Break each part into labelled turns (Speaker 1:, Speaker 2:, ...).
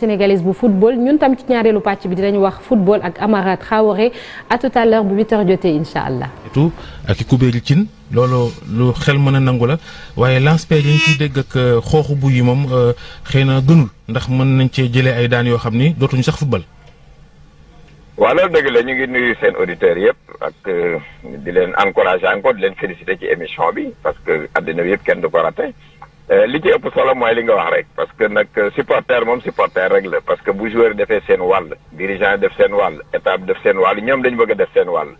Speaker 1: sénégalaise bu football ñun tam ci ñaareelu pàcc bi dinañ wax football ak Amara Traoré a tout à l'heure bu 8h jotee incha allah.
Speaker 2: surtout ak kubéeri cin loolu lu xel mën a nangu la waaye lanspère yi ñu dégg ak euh, xooxu bu yi moom euh, xëy na gënul ndax mën nañ cee jëlee ay daan yoo xam ni dootuñu sax football.
Speaker 3: waaw loolu dëgg la ñu ngi nuyu seen auditeurs yëpp ak euh, di leen encourager encore di leen féliciter ci émission bi parce que àddina bi yëpp kenn du ko raté Euh, li ci ëpp solo mooy li nga wax rek parce que nag euh, supporter moom supporter rek la parce que bu joueur defee seen wàll dirigeant def seen wàll état def seen wàll ñoom dañu bëgg a def seen wàll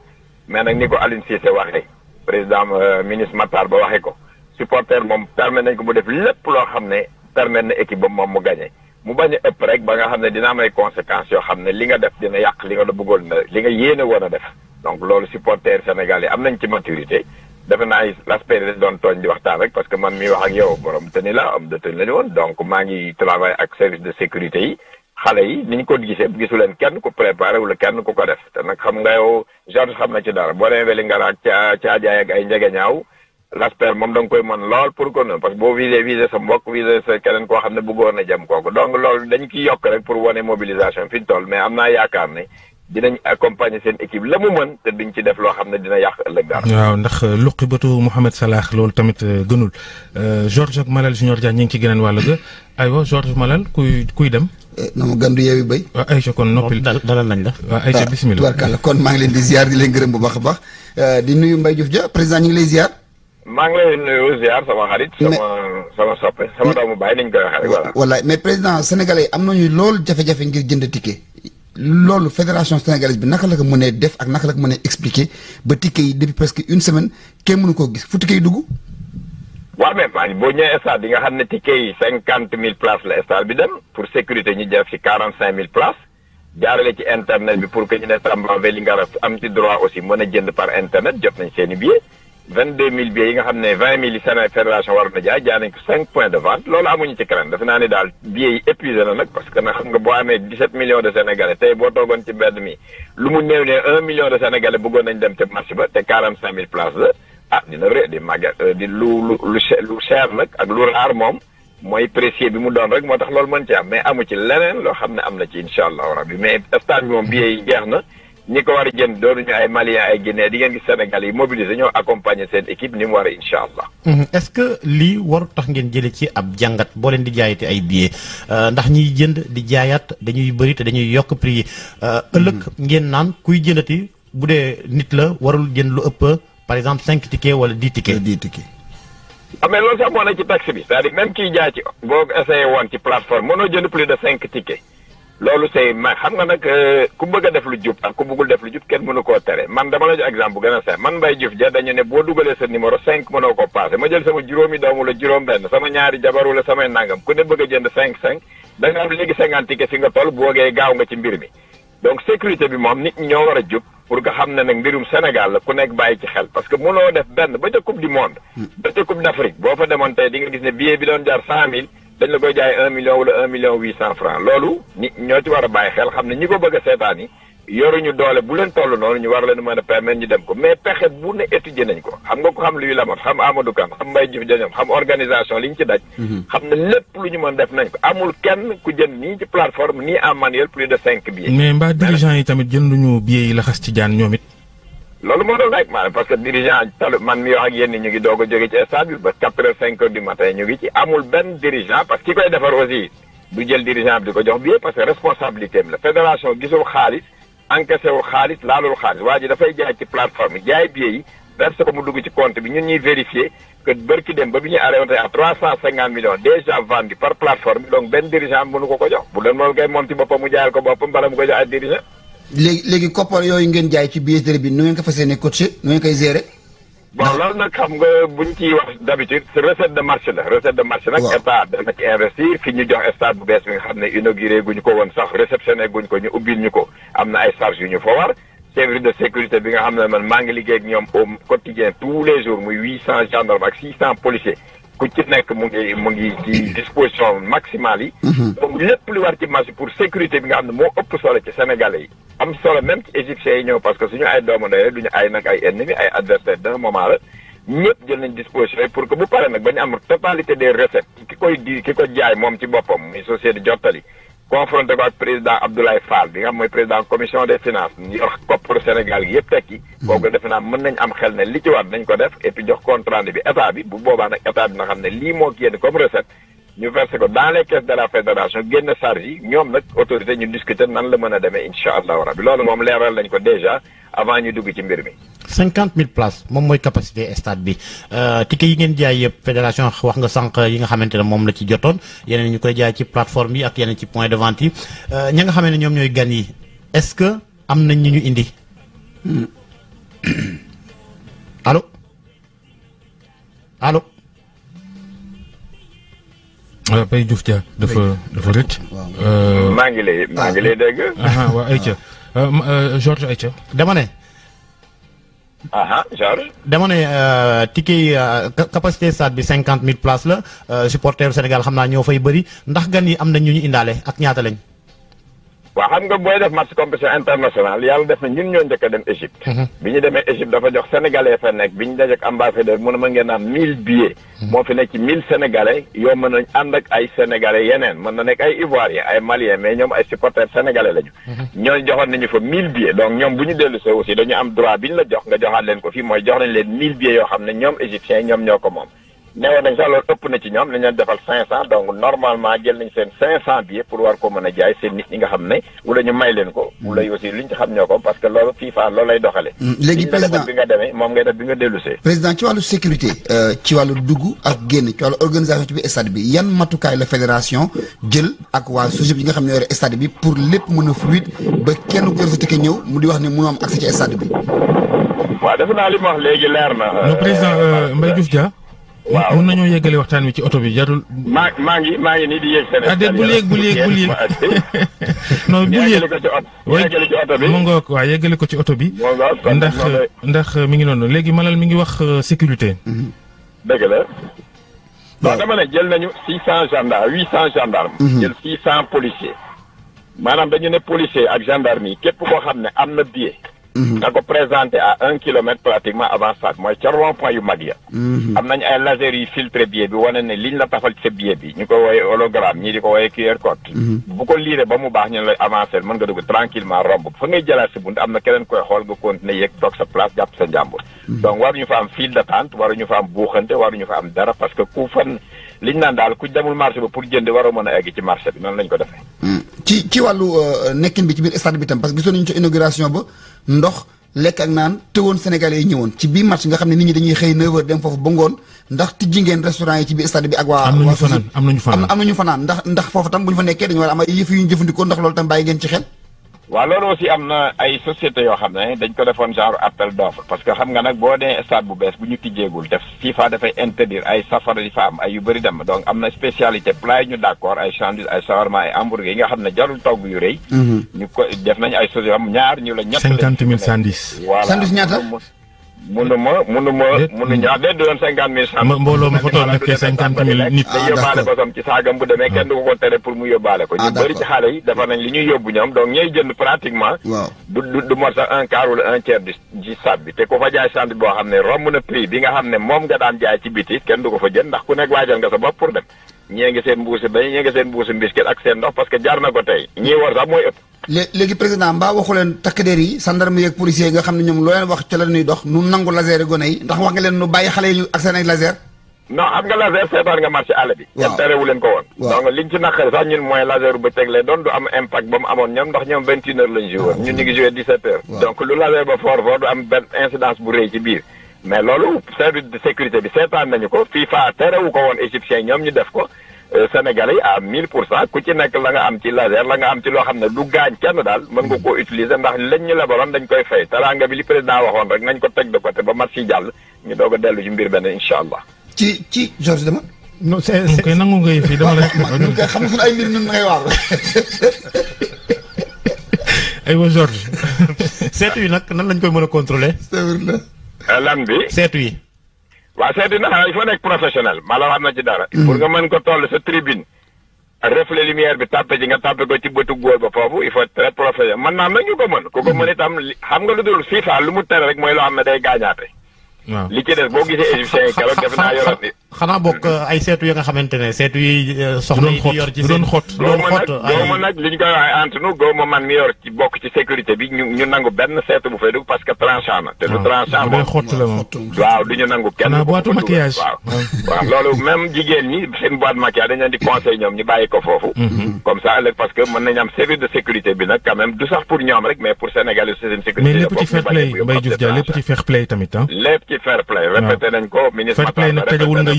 Speaker 3: mais nag ni ko Aline Cissé waxee président euh, ministre Matar Ba waxee ko supporter moom permettre nañ ko mu def lépp loo xam ne permettre na équipe ba moom mu gagné mu bañ a ëpp rek ba nga xam ne dina am ay conséquences yoo xam ne li nga def dina yàq li nga bëggoon na li nga yéene woon def donc loolu supporter Sénégal yi am nañ ci maturité defe naa l'aspect dañ doon tooñ di waxtaan rek parce que man mi wax ak yow borom tëni la am de tëni la ñu woon donc maa ngi travail ak service de sécurité yi xale yi ni ñu ko gisee gisu leen kenn ku préparé wala kenn ku ko def te nag xam nga yow genre xam na ci dara boo demee weli nga ak caa caa jaay ak ay njegeñaaw l'aspect moom da koy mën lool pour que parce que boo visé visé sa mbokk visé sa keneen koo xam ne bëggoon na jëm kooku donc lool dañ ciy yokk rek pour wane mobilisation fi ñu mais am naa yaakaar ne dinañ accompagner seen équipe la mu mën te duñ ci def loo xam ne dina yàq ëllëg dara.
Speaker 2: waaw ndax euh, luqi bëtu Mouhamed Salah loolu tamit euh, gënul euh, Georges ak Malal Junior Dia ñu ngi ci geneen wàll ga aywa Georges Malal kuy kuy dem.
Speaker 4: Eh, na du gandu yeewi bay. waaw ah, Aïcha kon
Speaker 2: noppi dalal
Speaker 4: nañ la. waaw ah, Aïcha ah, bisimilah tubarkalla kon maa ngi leen di ziar di leen gërëm bu baax baax di nuyu Mbaye Diouf Dia président ñu ngi lay ziar.
Speaker 3: maa ngi lay nuyu ziar sama xarit. sama sama soppe sama doomu bàyyi nañ koy waxee rek voilà.
Speaker 4: wallaay mais lool jafe-jafe ngir jënd ticket loolu fédération sénégalaise bi naka la ko mën mënee def ak naka la ko mënee expliquer ba ticket yi depuis presque une semaine kenn mënu koo gis fu ticket yi dugg.
Speaker 3: waaw mais boo ñëwee stade bi nga xam ne ticket cinquante mille places la stade bi dem pour sécurité ñu def ci quarante cinq mille places jaarale ci internet bi pour que ñu ne Tamba Vélingara am ci droit aussi mën a jënd par internet jot nañ seen i billets. 22 000 billets yi nga xam ne 20 000 yi Sénégal fédération war jaay jaay ko 5 points de vente loolu amuñu ci crainte defe naa ni daal billets yi épuisé na nag parce que na xam nga boo amee 17 millions de sénégalais tey boo toogoon ci mbedd mi lu mu néew ne 1 million de sénégalais bëggoon nañ dem te marché ba te 45 000 places la ah dina ré di màgg euh, lu lu lu cher nag ak lu raar moom mooy précieux bi mu doon rek moo tax loolu mën ci am mais amu ci leneen loo xam ne am na ci incha allahu rabbi mais stade bi jeex na. ñi ko war a jënd doonuñu ay Maliens ay Guinéens di ngeen gis Sénégal yi mobiliser ñoo accompagner seen équipe ni mu war a incha allah.
Speaker 1: est que lii warut tax ngeen jëlee ci ab jàngat boo leen di jaayate ay billets euh, ndax ñiy jënd di jaayaat dañuy bëri te dañuy yokk prix yi. Euh, ëllëg ngeen naan kuy jëndati bu dee nit la warul jënd lu ëpp par exemple cinq tickets wala dix tickets. Euh, dix tickets.
Speaker 3: amee ah, loolu sax moo ne ci taxe bi. c'est-à-dire kiy jaay ci boo essayé woon ci plateforme mënoo jënd plus de cinq tickets. loolu say ma xam nga nag euh, ku bëgg a def lu jub ak ku bëggul def lu jub kenn mënu koo tere man dama la jox exemple bu gën a sax man Mbaye Diouf ja dañu ne boo dugalee sa numéro cinq mënoo ko passé ma jël sama juróomi doom wala juróom-benn sama ñaari jabar wala samay nangam ku ne bëgg a jënd cinq cinq da am léegi cinquante fi nga toll boogee gaaw nga ci mbir mi donc sécurité bi moom nit ñoo war a jub pour nga xam ne nag mbirum Sénégal la ku nekk bàyyi ci xel parce que mënoo def benn ba ca coupe du hmm. boo fa demoon tey di nga gis ne billet bi doon jar cent mille dañ la koy jaay un million wala un million huit cent franc loolu ñoo ci war a bàyyi xel xam ne ñi ko bëgg a seetaan yi yoruñu doole bu leen toll noonu ñu war leen mën a permettre ñu dem ko mais pexe bu ne étudier nañ ko xam nga ko xam luy lamat xam Amadou Kane xam Mbaye Diouf organisation li ñu ci daj. Mhm. xam ne lépp lu ñu mën def nañ ko amul kenn ku jënd nii ci plateforme nii en manuel plus de cinq billets.
Speaker 2: mais mbaa dirigeant yi tamit jënduñu billets yi laxas ci jaan ñoom it.
Speaker 3: loolu moo doon rek parce que dirigeant talu man mi wax ak yéen ñu ngi doog a jóge ci stade bi ba quatre heures cinq heures du matin ñu ngi ci amul benn dirigeant parce que ki koy defar aussi du jël dirigeant bi di ko jox bi parce que responsabilité am la fédération gisul xaalis encaissé wul laalul xaalis waa ji dafay jaay ci plateforme yi jaay billet yi verse ko mu ci compte bi ñun ñuy vérifier que bërki dem ba bi ñuy arrêté à trois cent cinquante millions déjà vendu par plateforme donc benn ko ko jox bu doon loolu
Speaker 4: léegi léegi koppar yooyu ngeen jaay ci billetterie bi nu ngeen ko fas yéene coacher nu ngeen koy gérer.
Speaker 3: bon loolu nag xam nga buñ ciy wax d'habitude recette de marché la recette de marché nag état dana ci investir fi ñu jox stade bu bees bi nga xam ne inauguré guñ ko woon sax réceptionné guñ ko ñu ubbil ñu ko am na ay charges yu ñu fa war service de sécurité bi nga xam ne man maa ngi liggéey ak ñoom au quotidien tous les jours muy huit cent gendarmes ak six cent policiers ku ci nekk mu ngi mu ngi ci mm-hmm. disposition maximale yi. Mm-hmm. donc lépp lu war ci marché pour sécurité bi nga xam ne moo ëpp solo ci sénégalais yi. am solo même ci égyptiens yi ñëw parce que suñu ay doomu du duñu ay nag ay ennemi ay adversaire d'un moment la. jël nañ disposition yi pour que bu pare nag ba ñu am totalité de recettes ki koy di ki ko jaay moom ci boppam muy société jottali confronté ko ak président Abdoulaye Fall bi nga xam mooy président commission des finances ñu yor kopparu gi yëpp tekki. Hmm. kooku defe naa mën nañ am xel ne li ci war nañ ko def et puis jox compte rendu bi état bi bu boobaa nag état bi na xam ne lii moo génn comme recette. ñu versé ko dans les caisses de la fédération génn charge ñoom nag autorité ñu discuter nan la mën a demee incha allahu rabbi loolu moom leeral lañ ko déjà avant ñu dugg ci mbir mi.
Speaker 1: cinquante mille places moom mooy capacité stade bi euh, ticket yi ngeen jaay yëpp fédération wax nga sànq yi nga xamante ne moom la ci jotoon yeneen ñu koy jaay ci plateforme yi ak yeneen de vente yi euh, ña nga xamante ne ñoom ñooy gan yi est-ce que am nañ ñu ñu indi hmm.
Speaker 4: allo
Speaker 2: Euh, Baye Diouf Dia dafa dafa rëcc. Euh, maa
Speaker 3: ngi lay maa ngi lay ah, dégg. Ah, ah, waaw ayca
Speaker 2: euh, Georges ayca dama ne.
Speaker 3: aha
Speaker 4: Georges.
Speaker 1: dama ne ticket capacité stade bi cinquante mille places la supporter Sénégal xam naa ñoo fay bëri ndax gan yi am na ñu ñu indaale ak ñaata lañ.
Speaker 3: waaw xam nga booy def match compétition internationale yàlla def na ñun ñoo njëkk a dem Égypte. Mhm. bi ñu demee Égypte dafa jox sénégalais fa nekk bi ñu dajeek ambassadeur mu ne ma ngeen am 1000 billets. Mhm. moo fi nekk ci 1000 sénégalais yoo mën nañ ànd ak ay sénégalais yeneen mën na nekk ay ivoiriens ay maliens mais ñoom ay supporters sénégalais lañu. Mhm. ñoo joxoon nañu fa 1000 billets donc ñoom bu ñu dellu see aussi dañu am droit bi ñu la jox nga joxaat leen ko fii mooy jox nañ leen 1000 billets xam ne ñoom égyptiens ñoom ñoo ko moom. newoon nañ sax loolu ëpp na ci ñoom nañ leen defal cinq cent donc normalement jël nañ seen cinq cent billets pour war ko mën a jaay seen nit ñi nga xam ne wala ñu may leen ko wala mm. aussi liñ ci xam ñoo ko parce que loolu FIFA loolu lay doxale mm. léegi président bi nga demee moom ngay def bi nga dellusee
Speaker 4: président ci wàllu sécurité euh, ci wàllu dugg ak génn ci wàllu organisation bi stade bi yan matukaay la fédération jël ak waa sujet yi nga xam ne mu di wax waaw mun nañoo
Speaker 2: yéggale waxtaan wi ci oto bi jatul.
Speaker 3: maa maa ngi maa ngi nii di yéeg seen. ah déet bul yéeg bul yéeg bul yéeg non bul yéeg yeggali ko ci
Speaker 2: oto bi mu ngoog waaw yeggali ko ci oto bi. ndax ndax euh, mi ngi noonu léegi Malal mu ngi wax euh, sécurité. Mhm.
Speaker 3: dëgg la. waaw dama ne jël nañu six cent gendarmes huit cent gendarmes. Mhm. jël six cent policiers. maanaam dañu ne policier ak gendarme yi képp koo xam ne am na billet. nga mhm. ko présenté à un kilomètre pratiquement avant sac mooy ca rond point yu mag ya mhm. am nañ ay laser yu filtré billet bi wane ne liñ la tafal ci sa billet bi ñu ko wooye hologramme ñii di ko wooye QR code mhm. bu ko liiree ba mu baax ñu lay avancé mën nga dugg tranquillement romb fa ngay jëlaat si bunt am na keneen koy xool nga continuer yéeg toog sa place jàpp sa njàmbur donc waruñu fa am file d'attente waruñu fa am buuxante waruñu fa am dara parce que ku fan liñ naan daal ku demul marché ba pour war a ci marché noonu lañ ko defee
Speaker 4: ci ci wàllu euh, nekkin bi ci biir stade bi tam parce que gisoon nañu ci inauguration ba ndox lekk ak naan tëwoon sénégalais yi ñëwoon ci biir match nga xam ne nit ñi dañuy xëy 9h dem foofu ba ngoon ndax tijji ngeen restaurant yi ci biir stade bi ak waa am nañu fanaan am nañu fanaan ndax foofu tam bu ñu fa nekkee dañu war a am ay yëf yu ñu jëfandikoo ndax loolu tam bàyyi ngeen ci xel
Speaker 3: waaw loolu aussi am na ay société yoo xam ne dañ ko defoon genre appel d'offre parce que xam nga nag boo nee stade bu bees bu ñu tijjeegul def FIFA dafay interdire ay safara di am ay yu bëri donc am na spécialité plat yi ñu d'accord ay sandwich ay shawarma ay hamburger yi nga xam ne jarul togg yu rëy. Mhm. ñu ko def nañ ay société yoo xam ñaar ñu la. ñett cinquante mille
Speaker 2: sandwich. voilà sandwich
Speaker 3: ñaata. munuma munuma munu ñaa de doon cinquante mille cent mbooloo ma fa toog nekkee
Speaker 2: cinquante mille nit da yóbbaale
Speaker 3: bosam ci saagam bu kenn du ko ko tere pour mu yóbbaale ko ñu ah, bëri ci xale yi defar nañ li ñuy yóbbu ñoom donc ñooy jënd pratiquement du du du mot sax un quart wala sab bi te ku fa jaay sant boo xam ne romb na prix bi nga xam ne moom nga daan jaay ci biti kenn du ko fa jënd ndax ku nekk waajal nga sa bopp pour dem ñee ngi seen mbuusi bay ñee ngi seen mbuusi mbiskit ak seen ndox parce que jaar na ko tey ñii war sax mooy ëpp
Speaker 4: léegi président mbaa waxu takk der yi gendarme yeeg policier yi nga xam ne ñoom loo leen wax ci la ñuy dox nu nangu laser yi gone yi ndax wax nga leen nu bàyyi xale yi ak seen ay laser
Speaker 3: non xam nga laser seetaan nga marché àll bi kenn terewu leen ko woon donc liñ ci naqari sax ñun mooy laser bu teg lee doon du am impact ba mu mais loolu service de sécurité bi seetaan nañu ko FIFA terewu ko woon égyptien ñoom ñu def ko euh, Sénégalais yi à 1000 pour cent ku ci nekk la nga am ci laser la nga am ci loo xam ne du gaañ kenn daal man ko ko utiliser ndax lañ ñu lebaloon dañ koy fay teraanga bi li président waxoon rek nañ ko teg de côté ba match yi jàll ñu doog a dellu ci mbir benn incha allah. ci ci Georges
Speaker 2: dama. non c' est kay nangu fii dama la. xam nga
Speaker 4: ay mbir ñun ngay waar.
Speaker 2: aywa yi nag nan lañ koy mën a contrôler.
Speaker 3: Eh, lan bi seetu yi. waaw seetu na il faut nekk professionnel maa la wax na ci dara. Mm. pour nga mën ko toll sa tribune. reflet lumière bi tàppe ji nga tàppe ko ci bëtu góor ba foofu il faut très professionnel man naam nag ko mën. ku ko mm. mën itam xam nga lu dul FIFA lu mu tere rek mooy loo xam ne day gaañaate. li ci des boo gisee égyptiens yi keroog def naa yoroon
Speaker 1: xanaa bokk ay seetu yi nga xamante ne seetu yi euh, soxna yi di yor ci seen xot doon xot góoma
Speaker 3: nag li ñu koy waxee entre nous góoma man mi yor bokk ci sécurité bi ñu ñu nangu benn seetu bu fay parce que tranchant na te du ah, tranchant moom
Speaker 2: xott la moom
Speaker 3: waaw du ñu nangu kenn boîte maquillage ah. waaw loolu même jigéen ñi seen boîte maquillage dañ di conseil ñoom ñu bàyyi ko foofu mm-hmm. comme ça ëllëg parce que mën nañ am service de sécurité bi nag quand du sax pour ñoom rek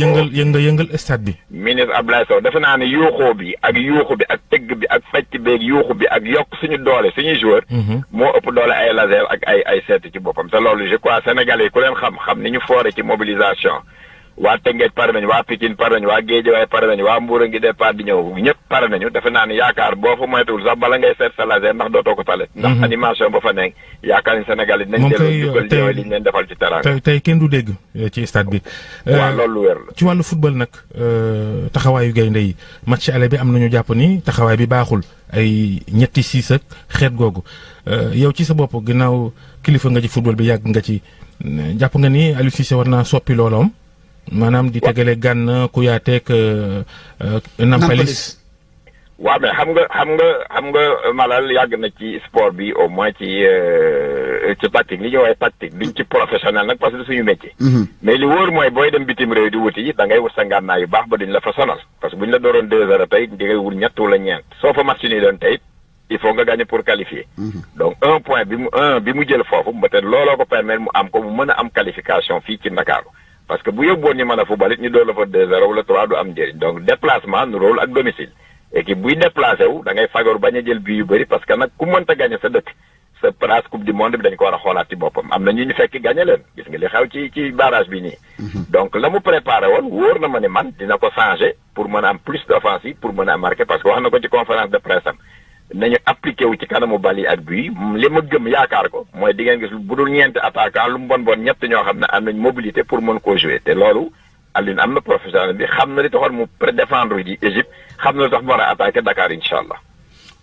Speaker 3: yëngal
Speaker 2: yëngal yëngal stade bi.
Speaker 3: ministre Abdoulaye Sow defe naa ne yuuxoo bi ak yuuxu bi ak tëgg bi ak fecc beeg yuuxu bi ak yokk suñu doole suñuy joueur mhm. moo ëpp doole ay laser ak ay ay seet ci boppam te loolu je crois sénégalais ku leen xam xam ni ñu foore ci mobilisation. waa Tëngéej pare nañu waa Pikine pare nañu waa Géejawaay pare nañu waa Mbuur a ngi départ di ñëw ñëpp pare nañu defe naa ni yaakaar boo fa moytuwul sax bala ngay seet sa laser ndax dootoo ko tale ndax mhm. animation ba fa nekk yaakaar ni Sénégal yi dinañ jël defal ci terrain tey
Speaker 2: tey kenn du dégg euh, ci stade bi euh, loolu lu wér la ci wàllu football nag euh, taxawaayu gaynde yi match aller bi am nañu jàpp ni taxawaay bi baaxul ay ñetti siis ak xeet googu yow ci sa bopp ginnaaw kilifa nga ci football bi yàgg nga ci jàpp nga ni Aliou Cissé war naa soppi looloom maanaam di tegale gànn Kouyaté ak euh, euh, Nampalis
Speaker 3: waa mais xam nga xam nga xam nga Malal yàgg na ci sport bi au moins ci euh, ci tactique li ñuy waxee tactique duñ ci professionnel nag parce que suñu métier. Mhm. mais li wóor mooy booy dem bitim réew di wuti da ngay wut sa ngànnaay yu baax ba duñ la fa sonal parce que buñ la dooroon deux heures tey di ngay wut ñett wala ñeent soo fa match nii doon tey il faut nga gagner pour qualifier. Mhm. donc un point bi mu un bi mu jël foofu peut looloo ko permettre mu am ko mu mën a am qualification fii ci Ndakaaru parce que bu yóbbuwoon ñu mën a football it ñu doon la fa deux zéro wala trois du am njëriñ donc déplacement nu ak domicile équipe buy déplacé wu da bañ a jël bii yu bëri parce que nag ku mënta gagné sa dëkk sa place coupe du monde bi dañ ko war a xoolaat ci boppam am na ñu ñu fekk gagné leen gis nga li xew ci ci barrage bi nii. Mhm. donc la mu préparé woon wóor na ma ne man dina ko changé pour mën a am plus d' offensive pour mën a marqué parce nañu appliqué wu ci kanamu bal yi ak bii li ma gëm yaakaar ko mooy di ngeen gis bu dul ñeenti attaquant lu mu bon ñett ñoo xam ne am na mobilité pour mën koo jouer te loolu Alioune am na professionnel bi xam na li taxoon mu prédéfendre ji Égypte xam na li tax mu war a attaqué Dakar incha allah.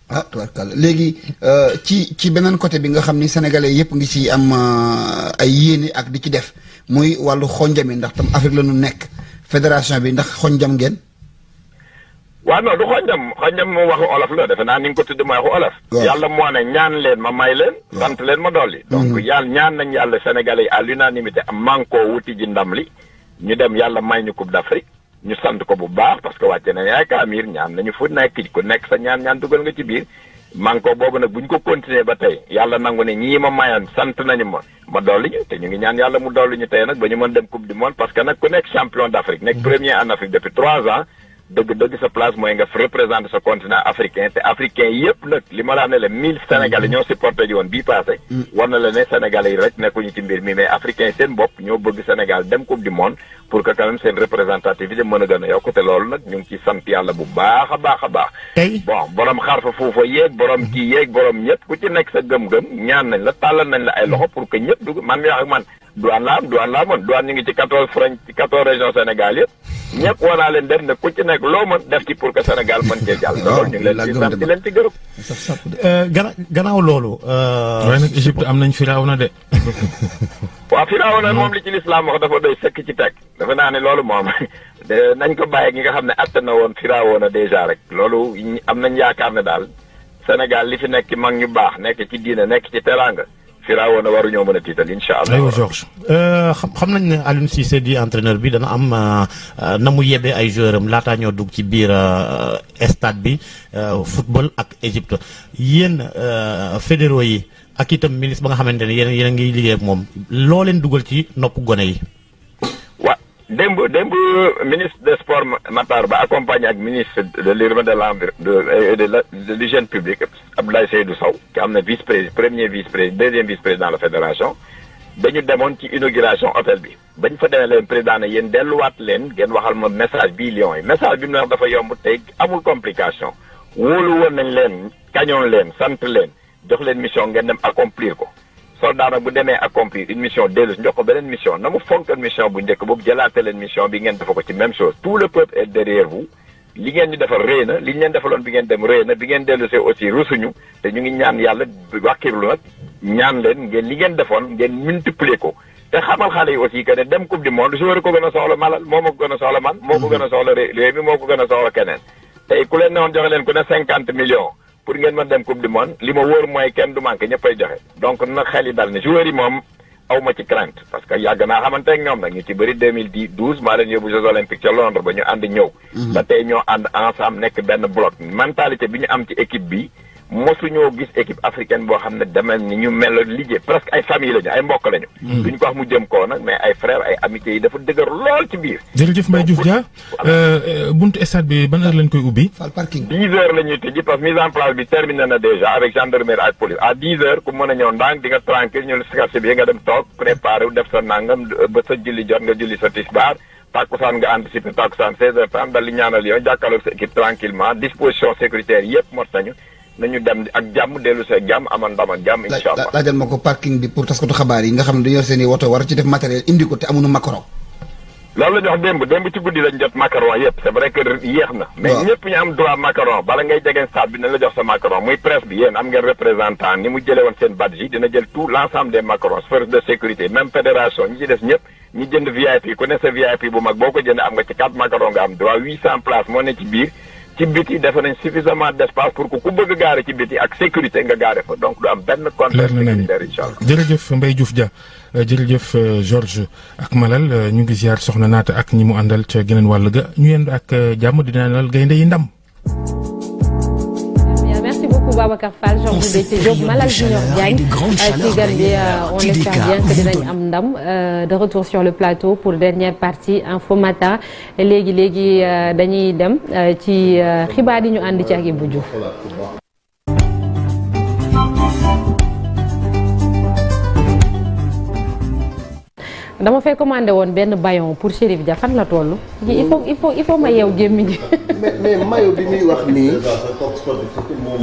Speaker 4: ah tubarkàlla léegi euh, ci ci beneen côté bi nga xam ni sénégalais yëpp ngi ci am euh, ay yéene ak di ci def muy wàllu xonjam yi ndax tam Afrique la ñu nekk fédération bi ndax xonjam ngeen.
Speaker 3: waa non du xooñdam xooñdam moom waxu olof la defe naa ni nga ko tudd ma waxu olof yàlla moo ne ñaan leen ma may leen sant leen ma dolli mm-hmm. donc yàlla ñaan nañ yàlla sénégalais yi à l'unanimité am manko wuti ji ndam li dem yàlla may ñu coupe d'Afrique ñu sant ko bu baax parce que wàcce nañ ay kaamir ñaan nañu fu nekk ku nekk sa ñaan ñaan dugal nga ci biir manko boobu nag bu ñu ko continuer ba tey yàlla nangu ne ñii ma mayoon sant nañu ma ma dolli ñu te ñu ngi ñaan yàlla mu dolli ñu tey nag ba ñu mën dem coupe du monde parce nekk champion d'Afrique nekk mm-hmm. premier en Afrique dëgg dëgg sa place mooy nga représenter sa continent africain te africain yëpp nag li ma la wax ne la sénégal sénégalais mm-hmm. ñoo supporté ji woon bii passé mm-hmm. war na la ne sénégalais yi rek nekkuñu ci mbir mi mais africain seen bopp ñoo bëgg Sénégal dem coupe du monde pour que seen même seen représentativité mën a gën a yokk loolu nag ñu ngi ci sant yàlla bu baax a baax a baax bon borom xar fa foofa yéeg borom mm-hmm. kii yéeg borom ñëpp ku ci nekk sa gëm-gëm ñaan nañ la tàllal nañ la ay loxo pour que ñëpp dugg man mi wax ak douane la am douane la amoon douane ñu ngi ci quatorze frontières ci quatorze régions Sénégal yëpp ñëpp war naa leen dem ne ku ci nekk loo mën def ci pour que Sénégal mën cee jàll. waaw ñu ngi leen ci sant di leen ci gërëm.
Speaker 2: Euh, loolu. Euh, waaye nag Égypte am nañ Firawna de.
Speaker 3: waaw Firawna moom li ci lislaam wax dafa doy sekk ci teg dafa naa ne loolu moom nañ ko bàyyi ñi nga xam ne atte na woon Firawna déjà rek loolu am nañ yaakaar ne daal Sénégal li fi nekk mag ñu baax nekk ci diine nekk ci teraanga Firawna waruñoo mën a tiital incha allah. aywa Georges
Speaker 1: euh, xam nañ ne Aliou Cissé di entraîneur bi dana am euh, euh, na mu yebbee ay joueur am laataa ñoo dugg ci biir stade bi football ak Égypte yéen fédéraux yi ak itam ministre ba nga xamante ne yéen a ngiy liggéey ak moom loo leen dugal ci nopp gone yi.
Speaker 3: démb démb ministre des sports Matar Ba accompagné ak ministre de l'urbain de l'environnement de de l'hygiène publique Abdoulaye Seydou Sow ki am na vice président premier vice président deuxième vice président la fédération dañu demoon ci inauguration hôtel bi bañ fa demee leen président na yéen delluwaat leen ngeen waxal ma message bii lion yi message bi mu wax dafa yomb teg amul complication wóolu woon nañ leen kañoon leen sant leen jox leen mission ngeen dem accomplir ko soldat nag bu demee accompli une mission dellusi jox ko beneen mission na mu fonkoon mission bu njëkk boobu jëlaate leen mission bi ngeen defa ko ci même chose tout le peuple est derrière vous li ngeen ñu defal réy li leen defaloon bi ngeen dem réy bi ngeen dellusee aussi rusuñu te ñu ngi ñaan yàlla wàkkirlu nag ñaan leen li ngeen defoon ngeen multiplier ko te xamal xale yi aussi que ne dem coupe du monde joueur ko a soxla malal moo ma ko gën a soxla man moo ko a soxla ko gën a soxla keneen tey ku leen ne woon joxe leen ku ne pour ngeen mën dem coupe du monde li ma wóor mooy kenn du manqué ñëppay joxe donc na xel yi dal ne joueurs yi moom aw ci crainte parce que yàgg naa xamante ñoom nag ñu ci bëri deux mille dix douze maa leen yóbbu Jeux olympiques ca Londres ba ñu ànd ñëw. Mhm. ba tey ñoo ànd ensemble nekk benn bloc mentalité bi ñu am ci équipe bi. mosuñoo gis équipe africaine boo xam ne demel ni ñu mel liggéey presque ay famille lañu ay mbokk lañu. Hmm. duñ ko wax mu jëm koo mais ay frère ay amitié yi dafa dëgër lool ci biir.
Speaker 2: Euh, euh, parce
Speaker 3: que mise en place bi terminé na déjà avec gendarmerie ak police à dix heures ku di nga tranquille jot nga julli sa tisbaar. tàkkusaan nga anticipé tàkkusaan seize heures trente dal li sa équipe tranquillement disposition sécuritaire yëpp mot nañu nañu dem ak jàmm dellu see jàmm amal ndam ak jàmm. incha allah
Speaker 4: laajal ma ko parking bi pour taskatu xabaar yi nga xam ne dañoo seen i woto war ci def matériel indi ko te amuñu macaron.
Speaker 3: loolu la ñu wax démb démb ci guddi lañ jot macaron yëpp c'est vrai que na. mais ñëpp ñu am droit macaron bala ngay jege stade bi nañ la jox sa macaron muy presse bi yéen am ngeen représentant ni mu jëlee woon seen badge yi dina jël tout l'ensemble des macarons force de sécurité boo ko jënd am nga ci ci biti defe nañ suffisamment d' espace pour que ku bëgg gaare ci biti ak sécurité nga gaare fa donc du am benn contrainte sécuritaire incha
Speaker 2: jërëjëf Mbaye Diouf Dia euh, jërëjëf euh, Georges ak Malal euh, ñu ngi ziar soxna naata ak ñi mu àndal ca geneen wàll ga ñu yendu ak jàmm dina nal gaynde yi ndam
Speaker 1: Boubacar Fall Jean Boubacar Diop Malal Junior Diagne ci gan bi on espère bien que dinañ am ndam euh, de retour sur le plateau pour dernière partie Info Matin léegi léegi euh, dañuy dem euh, ci xibaar yi ñu ànd ci ak Ibou Diouf dama fay commandé woon benn baillon pour Chérif Dia fan la toll. il faut il faut il faut ma yeew gémmiñ gi.
Speaker 4: mais mais bi muy wax nii.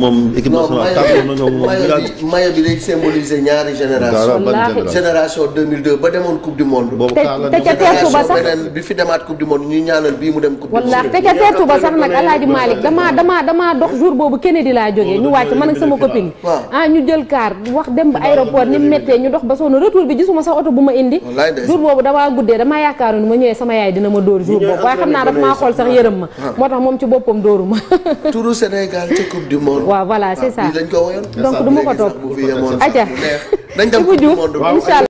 Speaker 4: moom équipe nationale tàggatoo na ñoom moom. maillot bi day symboliser ñaari génération. génération 2002 ba demoon coupe du monde. boobu Kaala te ca teertu ba sax bi fi demaat coupe du monde ñuy ñaanal bii mu dem. coupe du monde wallaahi te ca teertu ba sax nag El Hadj Malick
Speaker 1: damaa dox jour boobu Kennedy laa jógee ñu wàcc man ak sama copine. ah ñu jël car wax dem ba aéroport ni mu ñu dox ba sonn retour bi gisuma sax oto bu ma indi. jour boobu damaa guddee damaa yaakaaru ni ma ñëwee sama yaay dina ma dóor jour boobu waaye xam naa daf maa xool sax yërëm ma moo a moom ci boppam dóoru ma turu Sénégal ci coupe du monde waaw voilà c'est ah, ça donc du ko topp aja ci bu